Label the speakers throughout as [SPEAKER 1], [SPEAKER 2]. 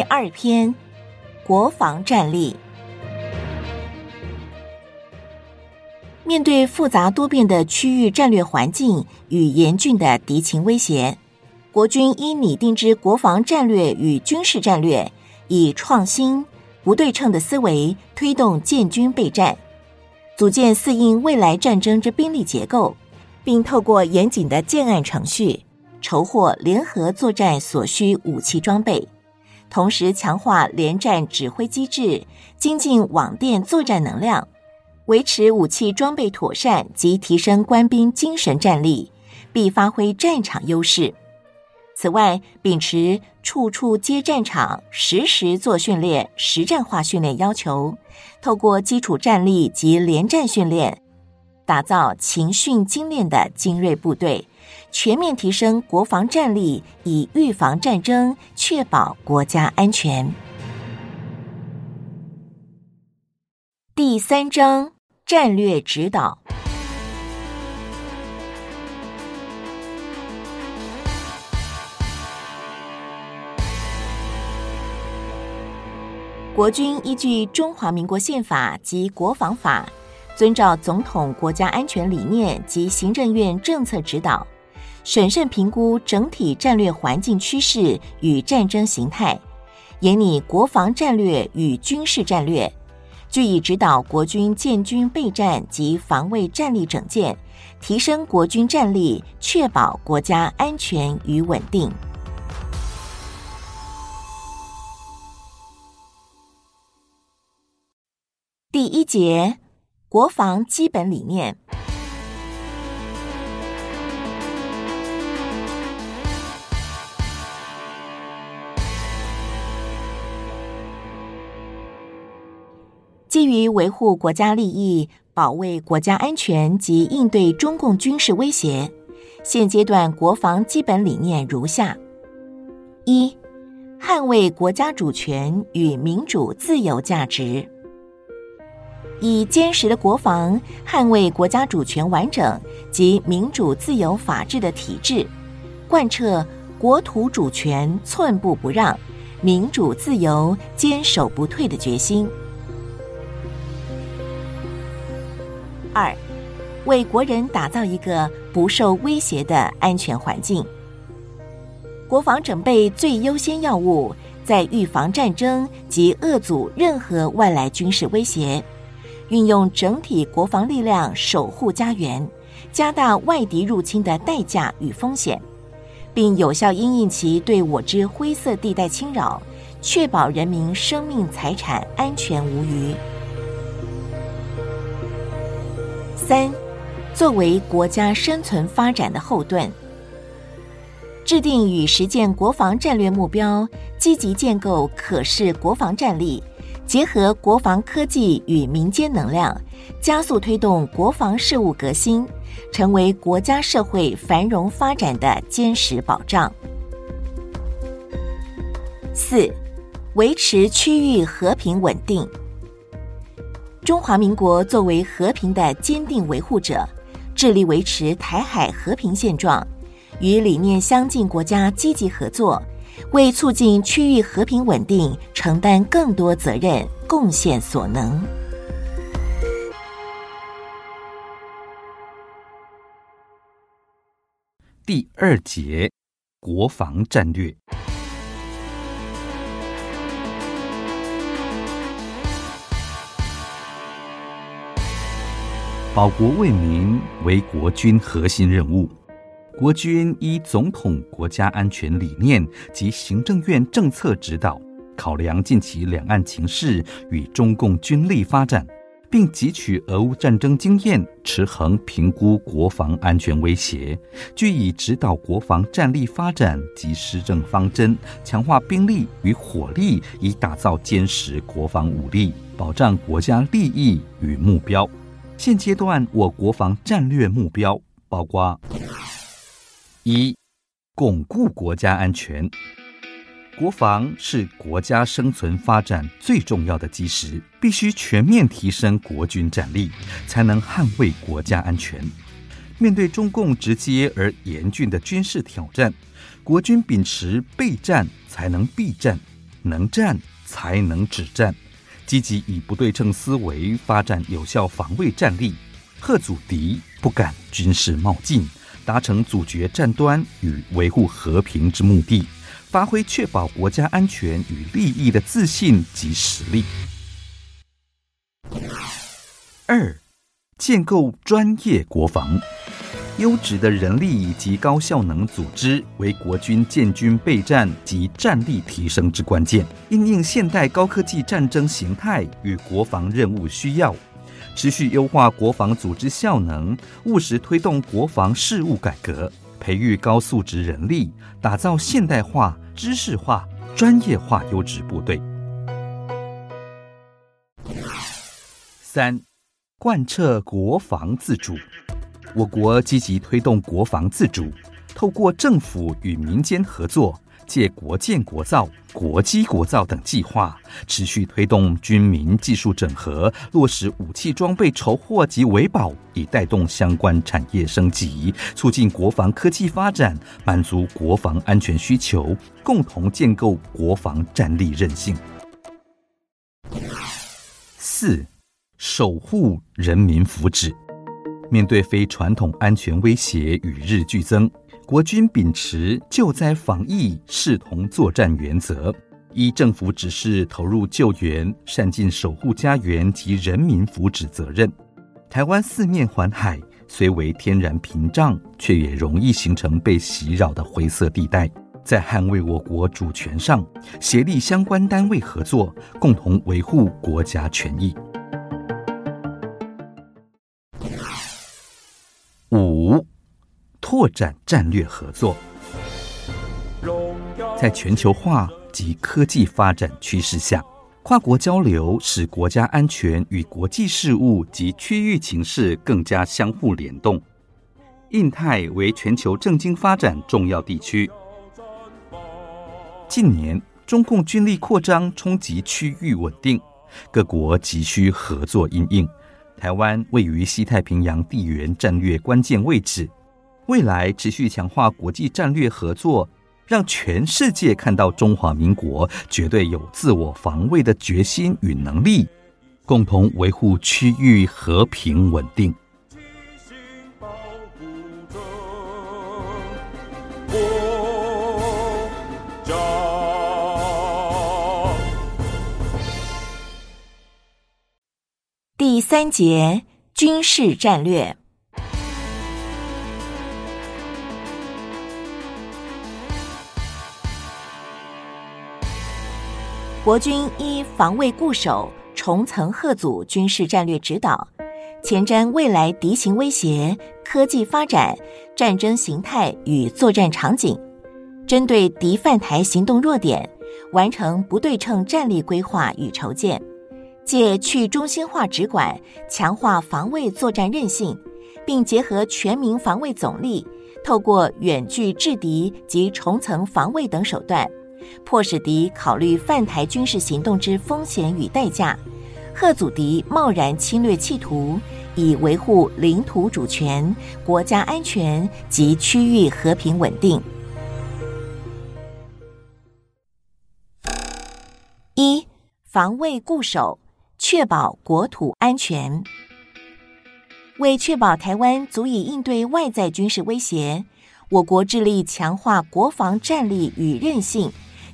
[SPEAKER 1] 第二篇，國防戰力。面對複雜多變的區域戰略環境與嚴峻的敵情威脅，國軍依擬定之國防戰略與軍事戰略，以創新不對稱的思維推動建軍備戰，組建肆應未來戰爭之兵力結構，並透過嚴謹的建案程序，籌獲聯合作戰所需武器裝備。同時強化聯戰指揮機制，精進網電作戰能量，維持武器裝備妥善及提升官兵精神戰力，俾發揮戰場優勢。此外，秉持處處皆戰場、時時做訓練、實戰化訓練要求，透過基礎戰力及聯戰訓練，打造勤訓精練的精銳部隊。全面提升國防戰力，以預防戰爭，確保國家安全。第三章戰略指導。國軍依據《中華民國憲法》及《國防法》，遵照總統國家安全理念及行政院政策指導。審慎評估整體戰略環境趨勢與戰爭型態，研擬國防戰略與軍事戰略，據以指導國軍建軍備戰及防衛戰力整建，提升國軍戰力，確保國家安全與穩定。第一節，國防基本理念。基於維護國家利益、保衛國家安全及應對中共軍事威脅，現階段國防基本理念如下：一、捍衛國家主權與民主自由價值；以堅實的國防捍衛國家主權完整及民主自由法治的體制，貫徹國土主權寸步不讓、民主自由堅守不退的決心。二，為國人打造一個不受威脅的安全環境。國防準備最優先要務，在預防戰爭及遏阻任何外來軍事威脅，運用整體國防力量守護家園，加大外敵入侵的代價與風險，並有效因應其對我之灰色地帶侵擾，確保人民生命財產安全無虞。三，作為國家生存發展的後盾，制定與實踐國防戰略目標，積極建構可恃國防戰力，結合國防科技與民間能量，加速推動國防事務革新，成為國家社會繁榮發展的堅實保障。四，維持區域和平穩定。中華民國作為和平的堅定維護者，致力維持台海和平現狀，與理念相近國家積極合作，為促進區域和平穩定承擔更多責任，貢獻所能。第二節，
[SPEAKER 2] 國防戰略。保國衛民為國軍核心任務。國軍依總統國家安全理念及行政院政策指導，考量近期兩岸情勢與中共軍力發展，並汲取俄烏戰爭經驗，持衡評估國防安全威脅，據以指導國防戰力發展及施政方針，強化兵力與火力，以打造堅實國防武力，保障國家利益與目標。現階段我國防戰略目標包括：一、鞏固國家安全。國防是國家生存發展最重要的基石，必須全面提升國軍戰力，才能捍衛國家安全。面對中共直接而嚴峻的軍事挑戰，國軍秉持備戰才能避戰，能戰才能止戰。積極以不對稱思維發展有效防衛戰力，嚇阻敵不敢軍事冒進，達成阻絕戰端與維護和平之目的，發揮確保國家安全與利益的自信及實力。二、建構專業國防。優質的人力以及高效能組織為國軍建軍備戰及戰力提升之關鍵，因應現代高科技戰爭形態與國防任務需要，持續優化國防組織效能，務實推動國防事務改革，培育高素質人力，打造現代化、知識化、專業化優質部隊。三、貫徹國防自主。我國積極推動國防自主，透過政府與民間合作，借國艦國造、國機國造等計劃，持續推動軍民技術整合，落實武器裝備籌獲及維保，以帶動相關產業升級，促進國防科技發展，滿足國防安全需求，共同建構國防戰力韌性。四，守護人民福祉。面對非傳統安全威脅與日俱增，國軍秉持救災防疫視同作戰原則，依政府指示投入救援，善盡守護家園及人民福祉責任。台灣四面環海，雖為天然屏障，卻也容易形成被襲擾的灰色地帶。在捍衛我國主權上，協力相關單位合作，共同維護國家權益。拓展戰略合作。在全球化及科技發展趨勢下，跨國交流使國家安全與國際事務及區域情勢更加相互聯動。印太為全球政經發展重要地區。近年，中共軍力擴張衝擊區域穩定，各國急需合作因應。台灣位於西太平洋地緣戰略關鍵位置。未來持續強化國際戰略合作，讓全世界看到中華民國絕對有自我防衛的決心與能力，共同維護區域和平穩定。第
[SPEAKER 1] 三節，軍事戰略。國軍依防衛固守、重層遏阻軍事戰略指導，前瞻未來敵情威脅、科技發展、戰爭形態與作戰場景，針對敵犯台行動弱點，完成不對稱戰力規劃與籌建，借去中心化指管，強化防衛作戰韌性，並結合全民防衛總力，透過遠距制敵及重層防衛等手段，迫使敵考慮犯臺軍事行動之風險與代價，遏阻敵貿然侵略企圖，以維護領土主權、國家安全及區域和平穩定。一、防衛固守，確保國土安全。為確保臺灣足以應對外在軍事威脅，我國致力強化國防戰力與韌性。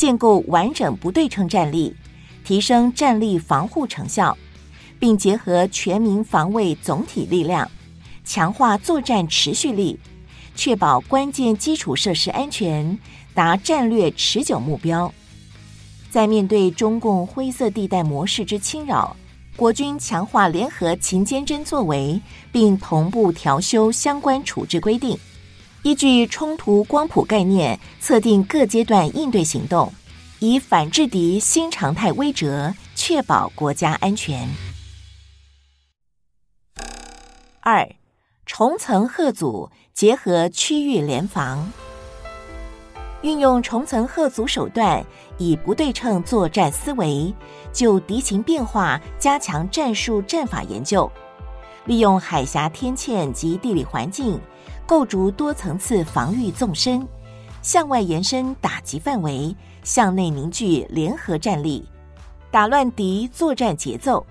[SPEAKER 1] 建構完整不對稱戰力，提升戰力防護成效，並結合全民防衛總體力量，強化作戰持續力，確保關鍵基礎設施安全，達戰略持久目標。在面對中共灰色地帶模式之侵擾，國軍強化聯合情監偵作為，並同步調修相關處置規定。依據衝突光譜概念，測定各階段應對行動，以反制敵新常態威脅，確保國家安全。二，重層嚇阻結合區域聯防，運用重層嚇阻手段，以不對稱作戰思維，就敵情變化加強戰術戰法研究，利用海峽天塹及地理環境。構築多層次防禦縱深，向外延伸打擊範圍，向內凝聚聯合戰力，打亂敵作戰節奏，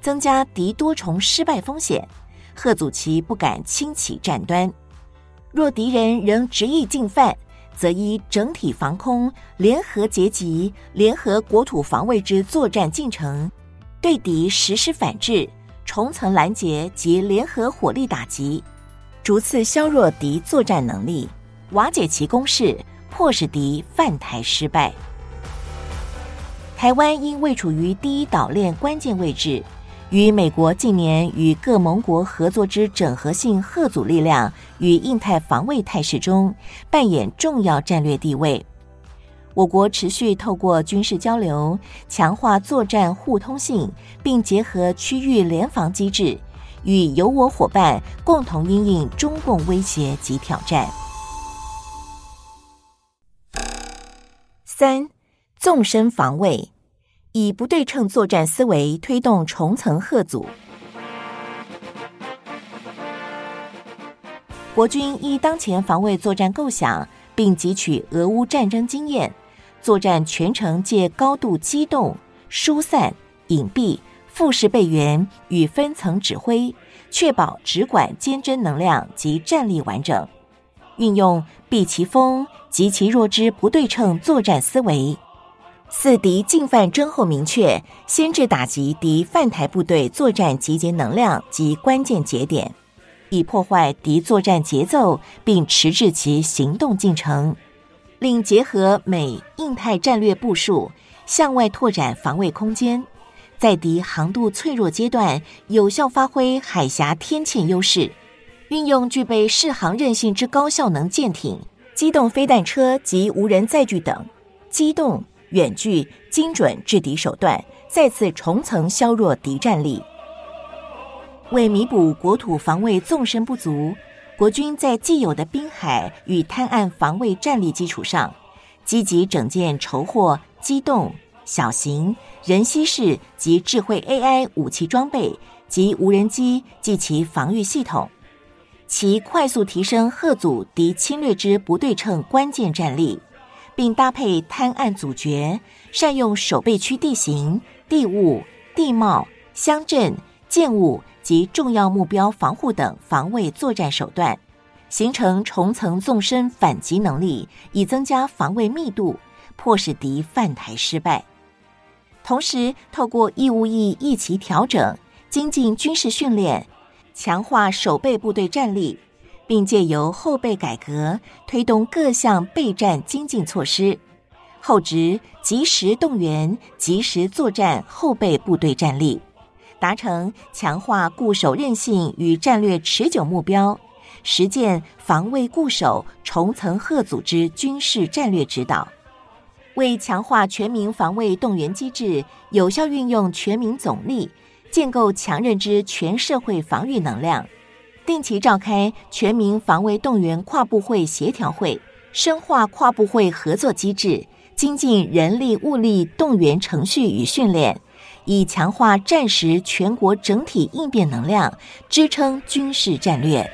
[SPEAKER 1] 增加敵多重失敗風險，遏阻其不敢輕啟戰端。若敵人仍執意進犯，則依整體防空、聯合截擊、聯合國土防衛之作戰進程，對敵實施反制、重層攔截及聯合火力打擊。逐次削弱敵作戰能力，瓦解其攻勢，迫使敵犯台失敗。臺灣因位處於第一島鏈關鍵位置，與美國近年與各盟國合作之整合性嚇阻力量與印太防衛態勢中，扮演重要戰略地位。我國持續透過軍事交流，強化作戰互通性，並結合區域聯防機制。與友我夥伴共同應對中共威脅及挑戰。三，縱深防衛，以不對稱作戰思維推動重層嚇阻。國軍依當前防衛作戰構想，並汲取俄烏戰爭經驗，作戰全程借高度機動、疏散、隱蔽。複式備援與分層指揮，確保指管堅韌能量及戰力完整；運用避其鋒及其弱之不對稱作戰思維。俟敵進犯徵候明確，先制打擊敵犯台部隊作戰集結能量及關鍵節點，以破壞敵作戰節奏並遲滯其行動進程。另結合美印太戰略部署，向外拓展防衛空間。在敵航渡脆弱階段，有效發揮海峽天塹優勢，運用具備適航韌性之高效能艦艇、機動飛彈車及無人載具等機動遠距精準制敵手段，再次重層削弱敵戰力。為彌補國土防衛縱深不足，國軍在既有的濱海與灘岸防衛戰力基礎上，積極整建籌獲機動。小型、人攜式及智慧 AI 武器裝備及無人機及其防禦系統，其快速提升嚇阻敵侵略之不對稱關鍵戰力，並搭配灘岸阻絕，善用守備區地形、地物、地貌、鄉鎮、建物及重要目標防護等防衛作戰手段，形成重層縱深反擊能力，以增加防衛密度，迫使敵犯台失敗。同時，透過義務役役期調整、精進軍事訓練、強化守備部隊戰力，並借由後備改革推動各項備戰精進措施，厚植及時動員、及時作戰後備部隊戰力，達成強化固守韌性與戰略持久目標，實踐防衛固守重層嚇阻之軍事戰略指導。為強化全民防衛動員機制，有效運用全民總力，建構強韌之全社會防禦能量，定期召開全民防衛動員跨部會協調會，深化跨部會合作機制，精進人力物力動員程序與訓練，以強化戰時全國整體應變能量，支撐軍事戰略。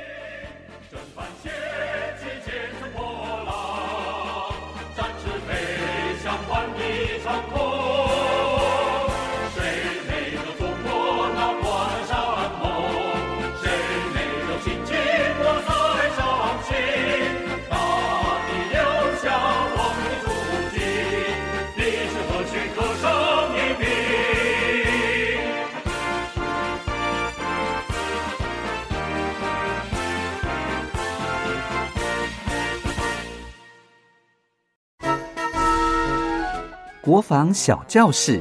[SPEAKER 2] 國防小教室：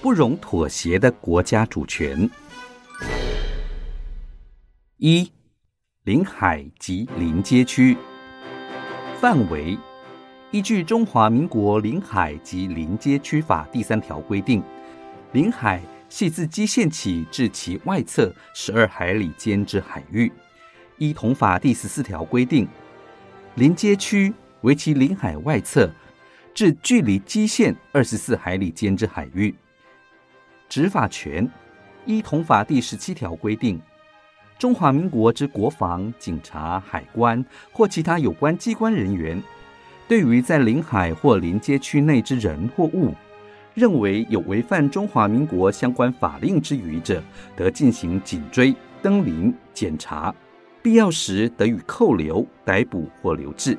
[SPEAKER 2] 不容妥協的國家主權。一、領海及鄰接區範圍。依據《中華民國領海及鄰接區法》第三條規定，領海係自基線起至其外側十二海里間之海域；依同法第十四條規定，鄰接區為其領海外側。至距離基線二十四海里間之海域。執法權，依同法第十七條規定，中華民國之國防、警察、海關或其他有關機關人員，對於在領海或鄰接區內之人或物，認為有違反中華民國相關法令之虞者，得進行緊追、登臨、檢查，必要時得予扣留、逮捕或留置。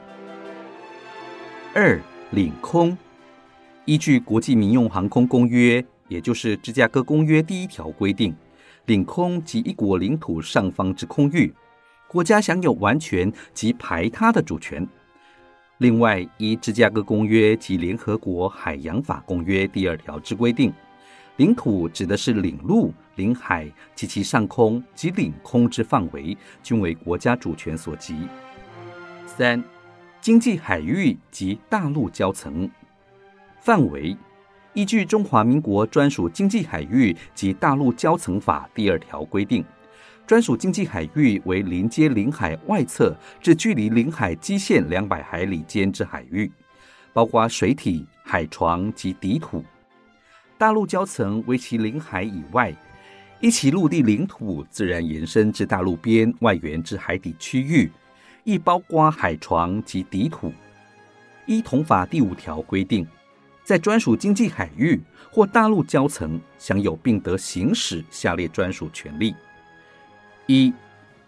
[SPEAKER 2] 二。領空，依據《國際民用航空公約》，也就是《芝加哥公約》第一條規定，領空即一國領土上方之空域，國家享有完全及排他的主權。另外，依《芝加哥公約》及《聯合國海洋法公約》第二條之規定，領土指的是領陸、領海及其上空及領空之範圍，均為國家主權所及。三。經濟海域及大陸礁層範圍，依據《中華民國專屬經濟海域及大陸礁層法》第二條規定，專屬經濟海域為鄰接領海外側至距離領海基線兩百海里間之海域，包括水體、海床及底土；大陸礁層為其領海以外，依其陸地領土自然延伸至大陸邊外緣之海底區域。一、包括海床及底土。依同法第五條規定，在專屬經濟海域或大陸礁層享有並得行使下列專屬權利：一、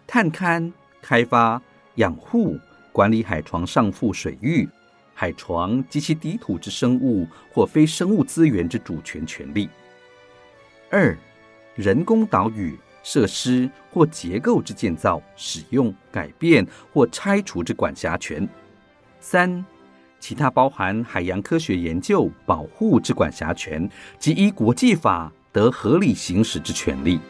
[SPEAKER 2] 探勘、開發、養護、管理海床上覆水域、海床及其底土之生物或非生物資源之主權權利；二、人工島嶼。設施或結構之建造、使用、改變或拆除之管轄權；三、其他包含海洋科學研究、保護之管轄權及依國際法得合理行使之權利。